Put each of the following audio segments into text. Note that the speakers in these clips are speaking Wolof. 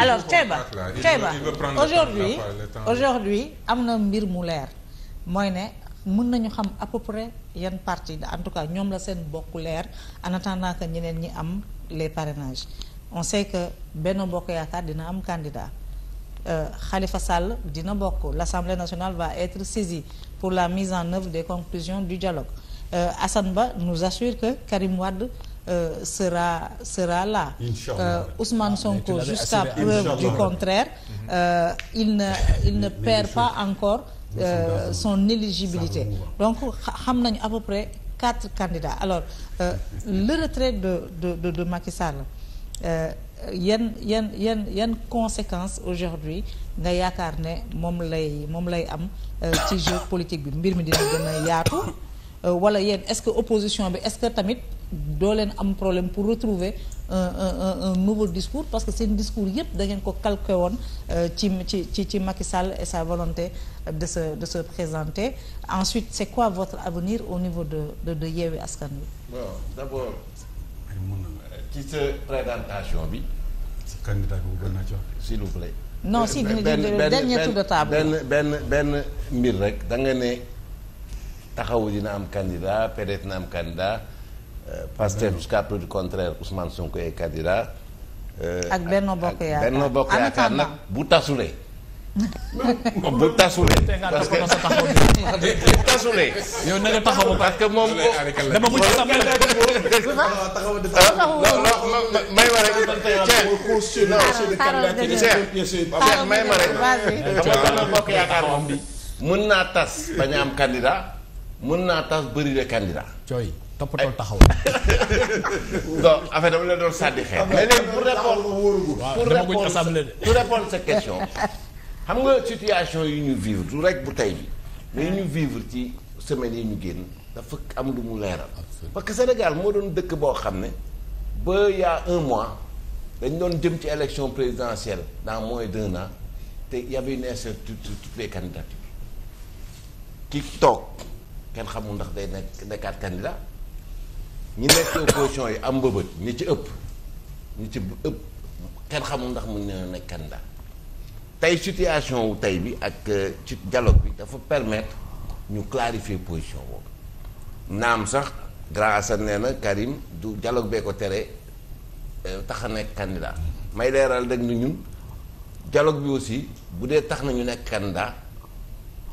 alors Taïba Taïba aujourd'hui aujourd'hui am na mbir mu leer mooy ne mën nañu xam à peu près yan parti en tout cas ñoom la seen bokk leer en attendant que ñeneen ñi am les parrainages on sait que benn Bokk Yaakaar dina am candidat xalifa euh, Sall dina bokk l'Assemblée nationale va être saisie pour la mise en œuvre des conclusions du dialogue euh, Assane Ba nous assure que Karim Wade euh, sera sera là. Euh, ah, Sonko ah, jusqu'à du contraire mhm. euh, il ne il ne perd pas encore euh, son éligibilité donc xam nañu à après quatre candidats alors euh, le retrait de de de, de Macky Sall euh, yan yan yan yan conséquences aujourd'hui nga yaakaar ne moom lay moom lay am ci jeu politique bi mbir mi dina gën a yaatu wala yéen est opposition bi est-ce tamit. doo leen am problème pour retrouver un un un nouveau discours parce que seen discours yëpp da ngeen ko calqué woon euh, ci ci ci ci Macky Sall et sa volonté de se de se présenter ensuite c'est quoi votre avenir au niveau de de de Yewwi Askan Wi. bon ci sa bi. a jox. s'il vous plaît. non si benn dernier tour de table benn benn benn mbir rek da nga ne taxawu dina am candidat PDS dina am candidat. Pastef jusqu'à preuve du contraire Ousmane Sonko est candidat. ak Benno Bokk Yaakaar ak nag bu tasulee. bu tasulee. parce moom. dama may ma rek. may ma rek. xam nga Benno Bokk Yaakaar moom bi. mën naa tas bañ am candidat mën naa tas bëri de toppatoo taxaw non en fait dama leen doon sàddi xeer. mais léegi pour répondre sa question. xam nga situation yu ñu vivre du rek bu tey bi mais ñu vivre ci semaine yi ñu génn dafa am lu mu leeral. parce que Sénégal moo doon dëkk boo xam ne ba y un mois dañ doon jëm ci élection présidentielle dans moins d'un an te y avait une incertitude sur toutes les candidatures ki toog kenn xamul ndax day nekk nekkaat candidat ñi nekk opposition yi am mbëbët ñi ci ëpp ñi ci ëpp kenn xamul ndax mën na nekk candidat tey situation wu tey bi ak euh, ci jaloog bi dafa permettre ñu clarifier position boobu naam sax Grand Assane nee na Karim du dialogue bee ko tere euh, tax a nekk candidat may leeral rek ni ñun dialogue bi aussi bu dee tax na ñu nekk candidat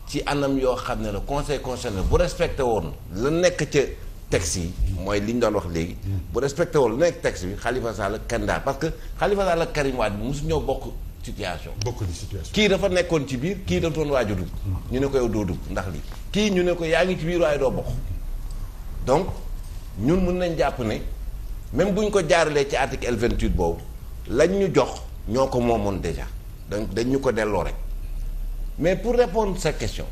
ci anam yoo xam ne la conseil concerné bu respecté woon la nekk ca. texte yi mooy li ñu doon wax léegi bu respecté woon nekk texte bi xalifa Sall ak Kanda parce que Khalifa Sall ak Karim Wade mosu ñoo bokk situation bokkuñu situation kii dafa nekkoon ci biir kii dafa doon waaj a dugg ñu ne ko yow doo dugg ndax lii kii ñu ne ko yaa ngi ci biir waaye doo bokk donc ñun mun nañ jàpp ne même bu ñu ko jaaralee ci article L28 boobu lañ ñu jox ñoo ko moomoon déjà donc dañ ñu ko delloo rek mais pour répondre sa question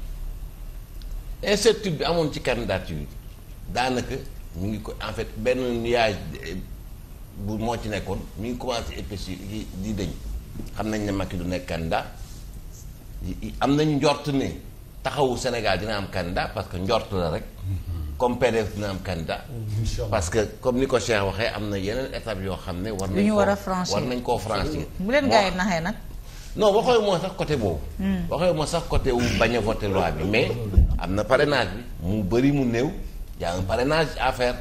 incertitude bi amoon ci candidature yi daanaka mu ngi ko en fait benn nuage bu moo ci nekkoon mu ngi commencé épaissir di di dëñ xam nañ ne Macky du nekk candidat am nañu njort ni taxawu Sénégal dina am candidat parce que njort la rek comme PDF dina am candidat parce que comme ni ko Cheikh waxee am na yeneen étapes yoo xam ne war nañ war nañ koo franchir bu leen gars yi naxee nag non waxooy moo sax côté boobu hmm. waxooy moo sax côté bañ a voté loi bi mais am na parrainage bi mu bëri mu néew y a un affaire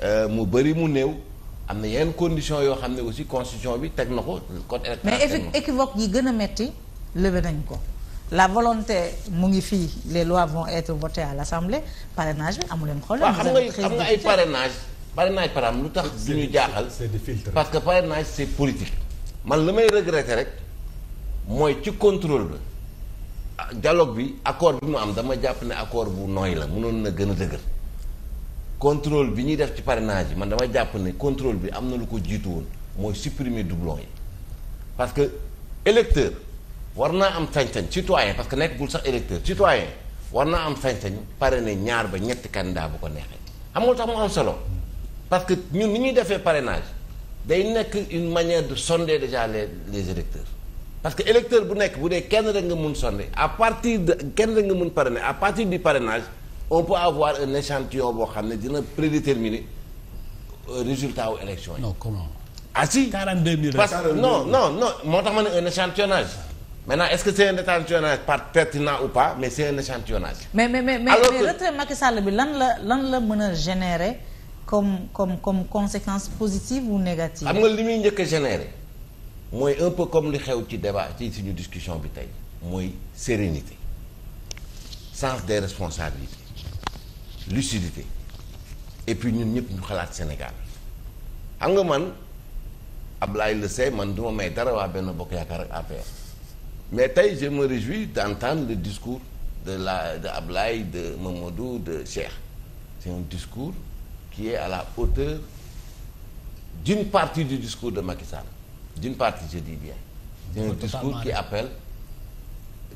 à euh, mu bëri mu néew am na yenn conditions yoo xam ne aussi constitution bi teg na ko code électoral mais équivoque yi gën a metti levé nañ ko la volonté mu ngi fii les lois vont être votées à l'assemblée parrainage bi amu leen xool xam nga xam nga ay parrainage parrainage par exemple lu tax du ñu jaaxal parce que parrainage c'est politique man li may regretter rek mooy ci contrôle la dialogue bi accord bi mu am dama jàpp ne accord bu nooy la mënoon na gën a dëgër contrôle bi ñuy def ci parenage yi man dama jàpp ne contrôle bi am na lu ko jiitu woon mooy supprimer doublon yi parce que électeur war naa am sañ-sañ citoyen parce que nekkul sax électeur citoyen war naa am sañ-sañ parrainer ñaar ba ñetti candidat bu ko neexee xam tax mu am solo parce que ñun ni ñuy defee parenage day nekk une manière de sonder déjà les les électeurs parce que électeur bu nekk bu dee kenn rek nga mun sonde à partir de kenn rek nga mun parrainer à partir du parrainage on peut avoir un échantillon boo xam ne dina prédéterminer euh, résultat wu élection yi. non comment. ah si 42 000 parce que non non non moo tax ma ne un échantillonnage. maintenant est-ce que c'est un échantillonnage par pertinent ou pas mais c'est un échantillonnage. mais mais mais retrait Macky Sall bi lan la lan la mën a générer comme comme comme conséquence positive ou négative. am nga li muy njëkk a mooy un peu comme li xew ci débat ci suñu discussion bi tey mooy sérénité sens des responsabilités lucidité et puis ñun ñëpp ñu xalaat Sénégal xam nga man Ablaye le sait man du ma may dara waa benn bokk yaakaar ak APR mais tey je me réjouis d'entendre le discours de la de Ablaye de Mamadou de Cheikh c'est un discours qui est à la hauteur d'une partie du discours de Macky d'une partie je dis bien c'est un discours ki appelle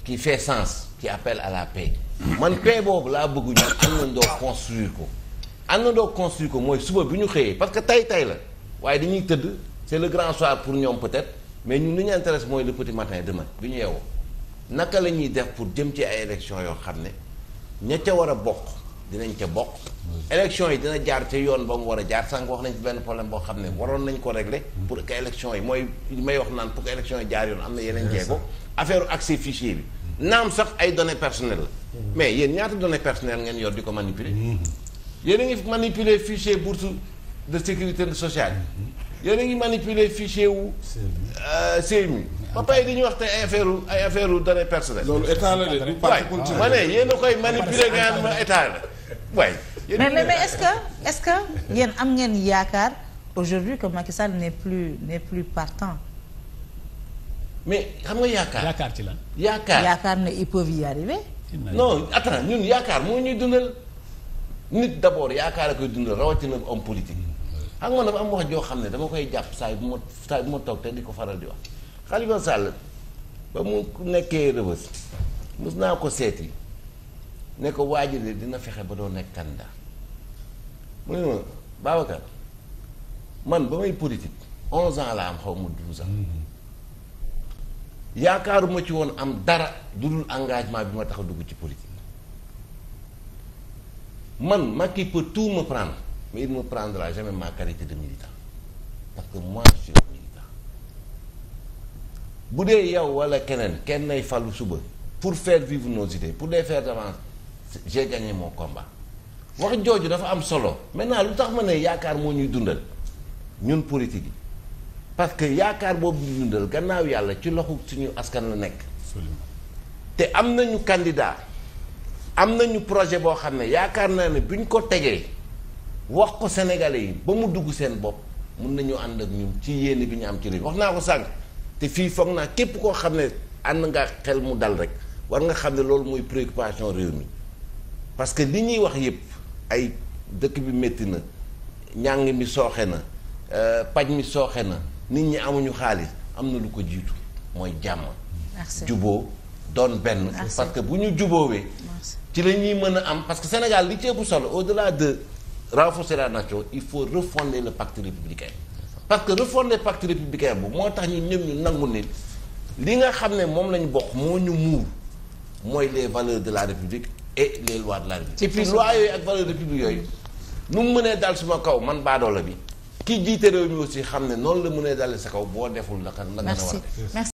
qui fait sens ki appel à la paix mm. man paix boobu laa bëgg ñu àndandoo construire ko na àndandoo construire ko mooy suba bi ñu xëyee parce que tey tey la waaye dañuy tëdd c'est le grand soir pour ñoom peut-être mais ñun lu ñu intéresse mooy le petit matin demain bi ñu yeewoo naka la ñuy def pour jëm ci ay élections yoo xam ne ña ca war a bokk dinañ ca bokk. élection yi dina jaar ca yoon ba mu war a jaar sànq wax nañ ci benn problème boo xam ne waroon nañ ko régler. pour que élection yi mooy may wax naan pour que élection yi jaar yoon am na yeneen jéego. affaire accès fichier bi. naam sax ay données personnelles la. Mm-hmm. mais yéen ñaata données personnelles ngeen yor di ko manipuler. Mm-hmm. yéen a ngi manipuler fichier bourse de sécurité sociale. Mm-hmm. yéen a ngi manipuler fichier wu. CMU ba pare di ñu wax tey ay affaire ay affaire données personnelles. loolu état la de du parti politique ma ne yéen a koy ma état la. waay. mais mais mais est-ce que est-ce que yéen am ngeen yaakaar aujourd'hui que Macky Sall n'est plus n'est plus partant. mais xam nga yaakaar yaakaar ci yaakaar yaakaar ne ils peuvent y arriver. non attends ñun yaakaar moo ñuy dundal nit d'abord yaakaar a koy dundal rawatina homme politique. xam nga dafa am wax joo xam ne dama koy jàpp saa bu ma saa bu ma toog te di ko faral di wax Khalifa Sall ba mu nekkee Rebeuss mës naa ko seeti. ne ko waajale dina fexe ba doon nekk candidat mu ne ma Babacar man ba may politique onze ans la am xaw ma douze ans yaakaaruma ci woon am dara du dul engagement bi ma tax a dugg ci politique man mag ki peut tout me prendre mais il ne me prendra jamais ma qualité de militant parce que moi militant bu dee yow wala keneen kenn ay fàllu suba pour faire vivre nos idées pour les fair avancer j'ai gagné mon combat wax jooju dafa am solo maintenant lu tax ma ne yaakaar moo ñuy dundal ñun politique yi parce que yaakaar boobu ñuy dundal gannaaw yàlla ci loxu suñu askan la nekk te am nañu candidat am nañu projet boo xam ne yaakaar naa ne bu ñu ko tegee wax ko sénégalais yi ba mu dugg seen bopp mun nañu ànd ak ñun ci yéene bi ñu am ci réew wax naa ko sànq te fii foog naa képp koo xam ne ànd nga xel mu dal rek war nga xam ne loolu mooy préoccupation réew mi parce que li ñuy wax yëpp ay dëkk bi métti na njàng mi sooxe na euh, paj mi sooxe na nit ñi amuñu xaalis am na lu ko jiitu mooy jàmm juboo doon benn parce que bu ñu juboowee ci la ñuy mën a am parce que Sénégal li ci ëpp solo au-delà de renforcer la nation il faut refonder le pacte républicain parce que refonder pacte républicain bu moo tax ñu ñëm ñu nangu nit li nga xam ne moom lañu bokk moo ñu muur mooy les valeurs de la République et les lois de la République loi yooyu ak valeur république yooyu nu mu mënee dal suma kaw man baadoola bi ki jiite réew mi aussi xam ne noonu la mënee dalee sa kaw boo deful la kan la nga war a def